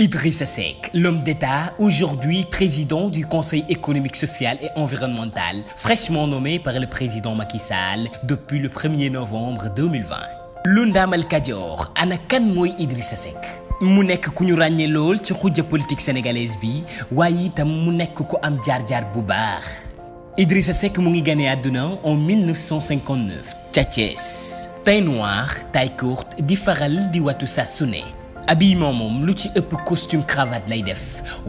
Idrissa Seck, l'homme d'État, aujourd'hui président du Conseil économique, social et environnemental, fraîchement nommé par le président Macky Sall depuis le 1er novembre 2020. lu ndaamal Kajoor ana kan mooy Idrissa Seck nekk ku ñu ràññee lool ci xujja politique sénégalaise bi waaye itam mu nekk ku am jaar-jaar bu baax Idrissa Seck mu ngi gane àdduna en 1959 ca Thiès teint noir taille courte di faral di watu saa habillement moom lu ci ëpp costume cravate lay def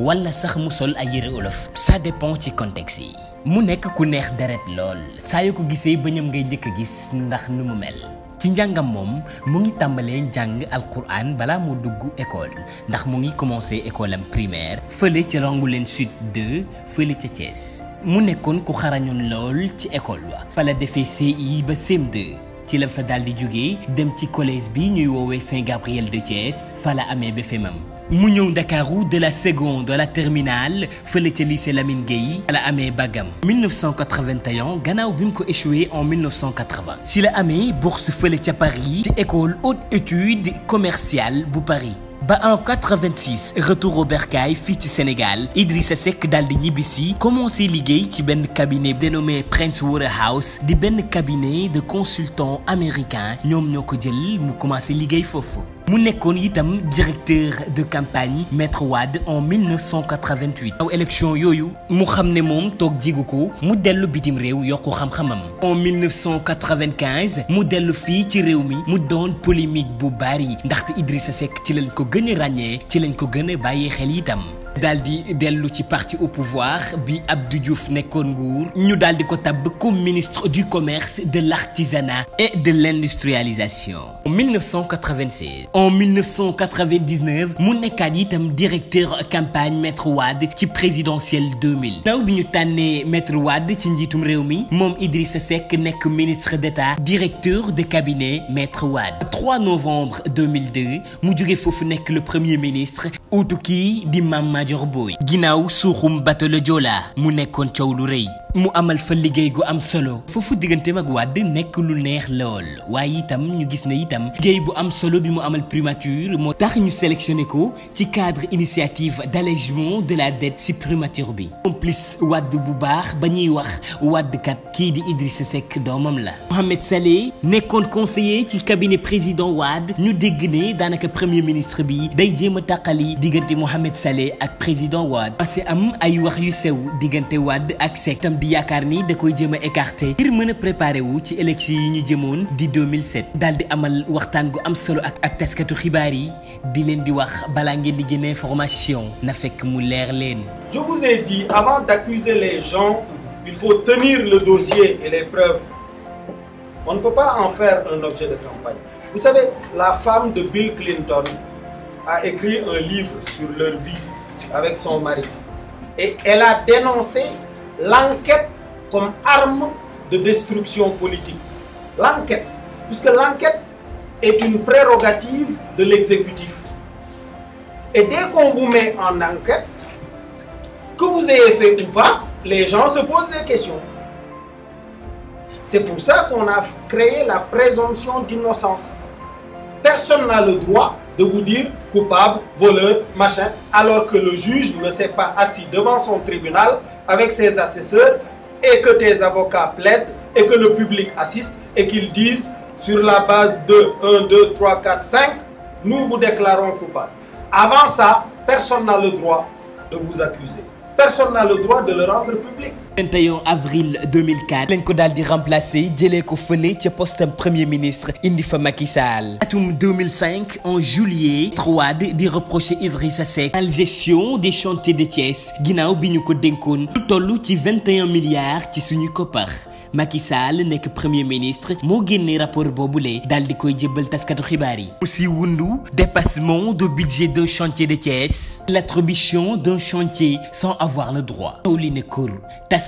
wala sax mu sol ay yére olof ça dépend ci contexte yi mu nekk ku neex deret lool saa yu ko gisee bëñam ngay njëkk a gis ndax nu mu mel ci njàngam moom mu ngi tàmbalee njàng alquran balaa mu dugg école ndax mu ngi commencé école am primaire fële ca Rangoulène Sud 2 fële ca Thiès mu nekkoon ku xarañoon lool ci école wa fala defee CI ba CM2 ci la fa daal di jógee dem ci collège bi ñuy woowee Saint-Gabriel de Thiès fa la amee BFEMam mu ñëw Ndakaaru de la seconde à la terminale fële ca lycée Lamine Gueye la amee baggam 1981 gannaaw bi mu ko échoué en 1980 si la amee bourse fële ca Paris ci école haute étude commerciale bu Paris ba en 86 retour au bercail fii ci Sénégal Idrissa Seck daal di ñibbisi commencé liggéey ci benn cabinet dénommé Prince Waterhouse di benn cabinet de consultants américain ñoom ñoo ko jël mu commencé liggéey foofu. mu nekkoon itam directeur de campagne maître Wade en 1988 aw élection yooyu mu xam ne moom toog jigu ko mu dellu bitim réew yokku xam-xamam en 1995 mu dellu fii ci réew mi mu doon polémique bu bari ndaxte Idrissa Seck ci lañ ko gën a ràññee ci lañ ko gën a bàyyee xel itam daal di dellu ci parti au nekkoon nguur ñu daal di ko tabb comme ministre du commerce de l'artisanat et de l'industrialisation en 1996 en 1999 mu nekkaat itam directeur campagne maître Wade ci présidentielle 2000 taw bi ñu tànnee maître Wade ci njiitum réew mi moom Idrissa Seck nekk ministre d'État directeur de cabinet maître Wade 3 novembre 2002 mu jóge foofu nekk le premier Madior Boye ginnaaw suuxum bato la Joola mu nekkoon coow lu rëy mu amal fa liggéey gu am solo foofu digganteem ak Wade nekk lu neex lool waaye itam ñu gis ne itam liggéey bu am solo bi mu amal primature moo tax ñu sélectionné ko ci cadre initiative d'allègement de la dette ci primature bi complice Wade bu baax ba ñuy wax Wade kat kii di Idrissa Seck doomam la Mohamed Saleh nekkoon conseiller ci cabinet président Wade ñu dégg ne daanaka premier ministre bi day jéem a tàqali diggante Mohamed Saleh ak président Wade parce que am ay wax yu sew diggante Wade ak di yaakaar nii da koy jéem a écarté ngir mën a préparé wu ci élection yi ñu jëmoon di 2007 daal di amal waxtaan gu am solo ak ak taskatu xibaar yi di leen di wax balaa ngeen di génne information na fekk mu leer leen. Je vous ai dit avant d'accuser les gens il faut tenir le dossier et les preuves on ne peut pas en faire un objet de campagne vous savez la femme de Bill Clinton a écrit un livre sur leur vie avec son mari et elle a dénoncé l'enquête comme arme de destruction politique l'enquête puisque l'enquête est une prérogative de l'exécutif et dès qu'on vous met en enquête que vous ayez fait ou les gens se posent des questions c'est pour ça qu'on a créé la présomption d'innocence personne n'a le droit de vous dire coupable, voleur, machin, alors que le juge ne s'est pas assis devant son tribunal avec ses assesseurs et que tes avocats plaident et que le public assiste et qu'ils disent sur la base de 1, 2, 3, 4, 5, nous vous déclarons coupable. Avant ça, personne n'a le droit de vous accuser. Personne n'a le droit de le rendre public. 21 avril 2004 lañ ko daal di remplacer jëlee ko fële ca postam premier ministre indi fa Macky Sall atum 2005 en juillet Wade di reprocher Idrissa Seck al gestion des chantiers de Thiès ginnaaw bi ñu ko dénkoon lu toll ci 21 milliards ci suñu koppar Macky Sall nekk premier ministre moo génnee rapport boobule daal di koy jébbal taskatu xibaar yi. aussi wundu dépassement du budget d'un chantier de Thiès l'attribution d'un chantier sans avoir le droit taw li kur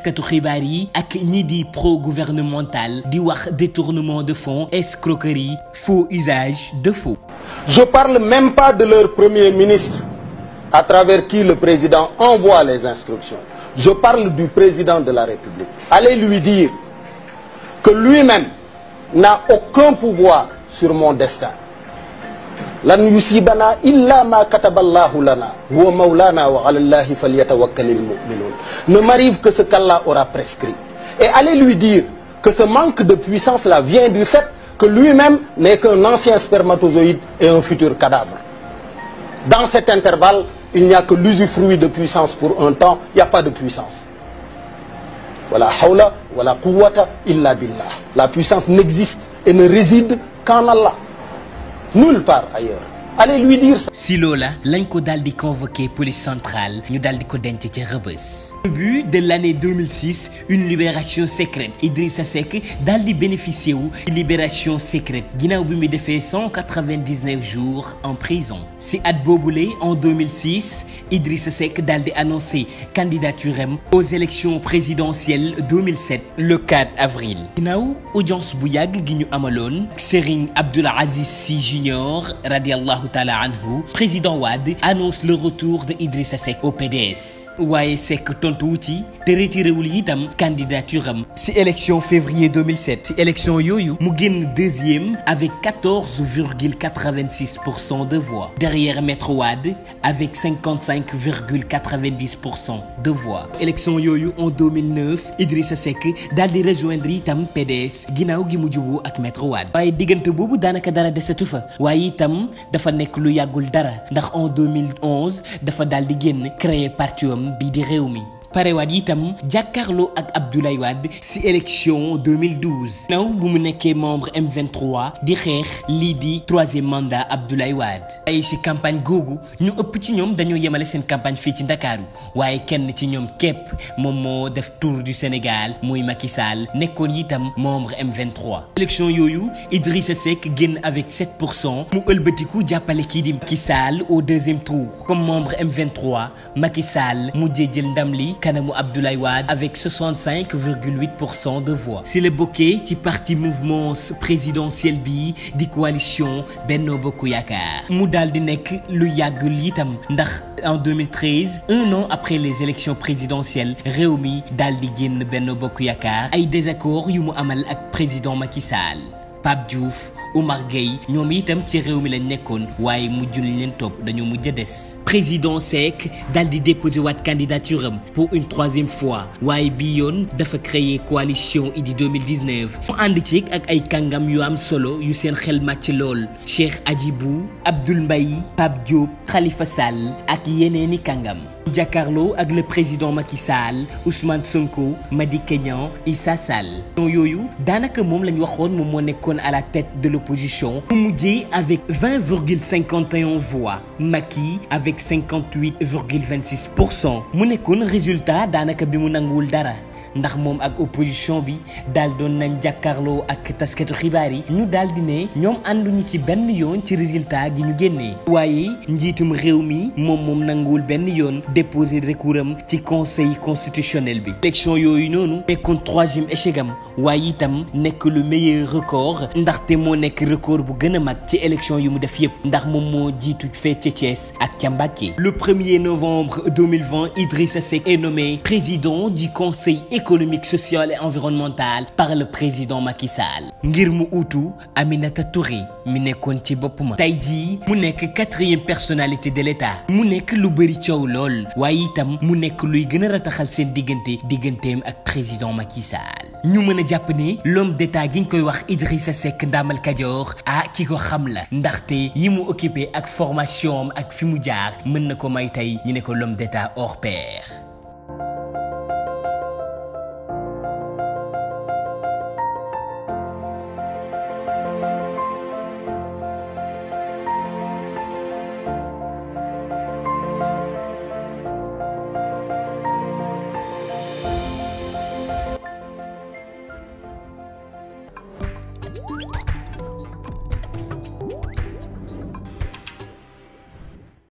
taskatu xibaar yi ak ñi di pro gouvernemental di wax détournement de fonds escroquerie faux usage de faux. je parle même pas de leur premier ministre à travers qui le président envoie les instructions je parle du président de la république allez lui dire que lui-même n'a aucun pouvoir sur mon destin lan yusibanaa illa ma kataba allahu lana huwa maulana wa ala allahi falyatawakkalil mu'minun ne m'arrive que ce qu'Allah aura prescrit et allez lui dire que ce manque de puissance là vient du fait que lui-même n'est qu'un ancien spermatozoïde et un futur cadavre dans cet intervalle il n'y a que l'usufruit de puissance pour un temps il n'y a pas de puissance wala hawla wala quwwata illa billah la puissance n'existe et ne réside qu'en Allah nulle part ailleurs allez lui dire si loola lañ ko daal di convoqué police centrale ñu daal di ko denc ca Rebeuss. début de l' année 2006 une libération secrète Idrissa Seck daal di bénéficier wu libération secrète ginnaaw bi mu defee 199 jours en prison si at boobule en 2006 Idrissa Seck daal di annoncé candidature am aux élections présidentielles 2007 le 4 avril. ginnaaw audience bu yàgg gi ñu amaloon Serigne Abdoul Aziz Sy Junior radiyallahu radiallahu taala anhu président Wade annonce le retour de Idrissa Seck au waaye Seck tontu wu ci te retiré wul itam candidature am si élection février 2007 si élection yooyu mu génn deuxième avec 14 virgule 86 pour cent de voix derrière Maître Wade avec 55 virgule 90 pour cent de voix élection yooyu en 2009 Idrissa Seck daal di rejoindre itam PDS ginnaaw gi mu juboo ak Maître Wade waaye diggante boobu daanaka dara desatu fa waaye itam dafa nekk lu yàggul dara ndax en 2011 dafa dal di génn créer parti am bii di réew mi parewaat itam jàkkaarloo ak Abdoulaye Wade si élection 2012 naw bu mu nekkee membre M23 di xeex lii di troisième mandat Abdoulaye Wade ay si campagne googu ñu ëpp ci ñoom dañoo yemale seen campagne fii ci Ndakaaru waaye kenn ci ñoom képp moom moo def tour du Sénégal mooy Macky nekkoon itam membre M23 élection yooyu Idrissa Seck génn avec 7 pour cent mu ëlbatiku jàppale kii di Macky Sall au deuxième tour comme membre M23 Macky Sall mujjee jël ndam li kanamu Abdoulaye Wade avec 65 virgule 8 pour cent de voix si la bokkee ci parti mouvement présidentiel bi di coalition Benno Bokk Yaakaar mu daal di nekk lu yàggul itam ndax en 2013 un an après les élections présidentielles réew mi daal di génn Benno Bokk Yaakaar ay désaccords yu mu amal ak président Macky Sall Pape Oumar Gueye ñoom itam ci réew mi leen nekkoon waaye mujjul leen topp dañoo mujj des. président Seck daal di déposé waat candidature am pour une troisième fois waaye bii yoon dafa créer coalition Idy 2019 mu ànd ci ak ay kàngam yu am solo yu seen xel màcc lool Cheikh Adjibou Abdoul mbay Pape Diop xalifa saal ak yeneeni kàngam. jàkkaarloo ak le président Macky Sall Ousmane Sonko Madické Niang Issa Sall. donc yooyu daanaka moom la ñu waxoon moom moo nekkoon à la tête de l'opposition mu mujjee avec vingt virgule cinquante et un voix Macky avec cinquante huit virgule vingt six pour cent mu nekkoon résultat daanaka bi mu nanguwul dara. ndax moom ak opposition bi daal doon nañ jàkkaarloo ak taskatu xibaar yi ñu daal di ne ñoom ànduñu ci benn yoon ci résultat gi ñu génnee waaye njiitum réew mi moom moom nanguwul benn yoon déposé recours am ci conseil constitutionnel bi élection yooyu noonu nekkoon troisième échec waaye itam nekk lu meilleur record ndaxte moo nekk record bu gën a mag ci élection yu mu def yëpp ndax moom moo jiitu fee ca Thiès ak ca Mbacké le 1er novembre 2020 Idrissa Seck est nommé président économique sociale et environnementale par le président Macky Sall ngir mu uutu Aminata Touré mu nekkoon ci boppam. tey jii mu nekk quatrième personnalité de l'État mu nekk lu bëri coow lool waaye itam mu nekk luy gën a rataxal seen diggante digganteem ak président Macky Sall ñu mën a jàpp ni l'homme d'État gi ñu koy wax Idrissa Seck Ndamal Kajoor ah ki ko xam la ndaxte yi mu occupé ak formation am ak fi mu jaar mën na ko may tey ñu ne ko l'homme d'État